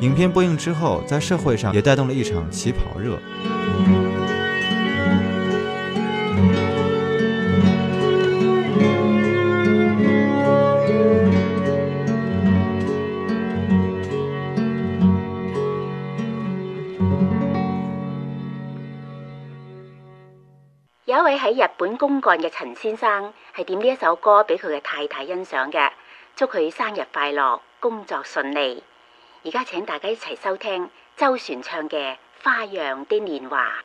影片播映之後，在社會上也帶動了一場旗袍熱。有一位喺日本公幹嘅陳先生，係點呢一首歌俾佢嘅太太欣賞嘅，祝佢生日快樂，工作順利。而家請大家一齊收聽周璇唱嘅《花樣的年華》。